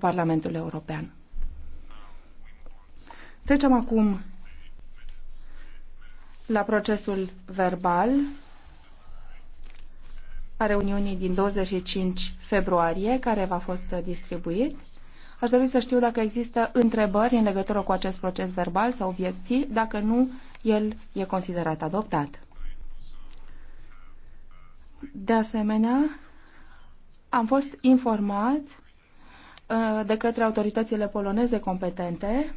Parlamentul European. Trecem acum la procesul verbal a reuniunii din 25 februarie, care v-a fost distribuit. Aș dori să știu dacă există întrebări în legătură cu acest proces verbal sau obiecții. Dacă nu, el e considerat adoptat. De asemenea, am fost informat Uh, de către autoritățile poloneze competente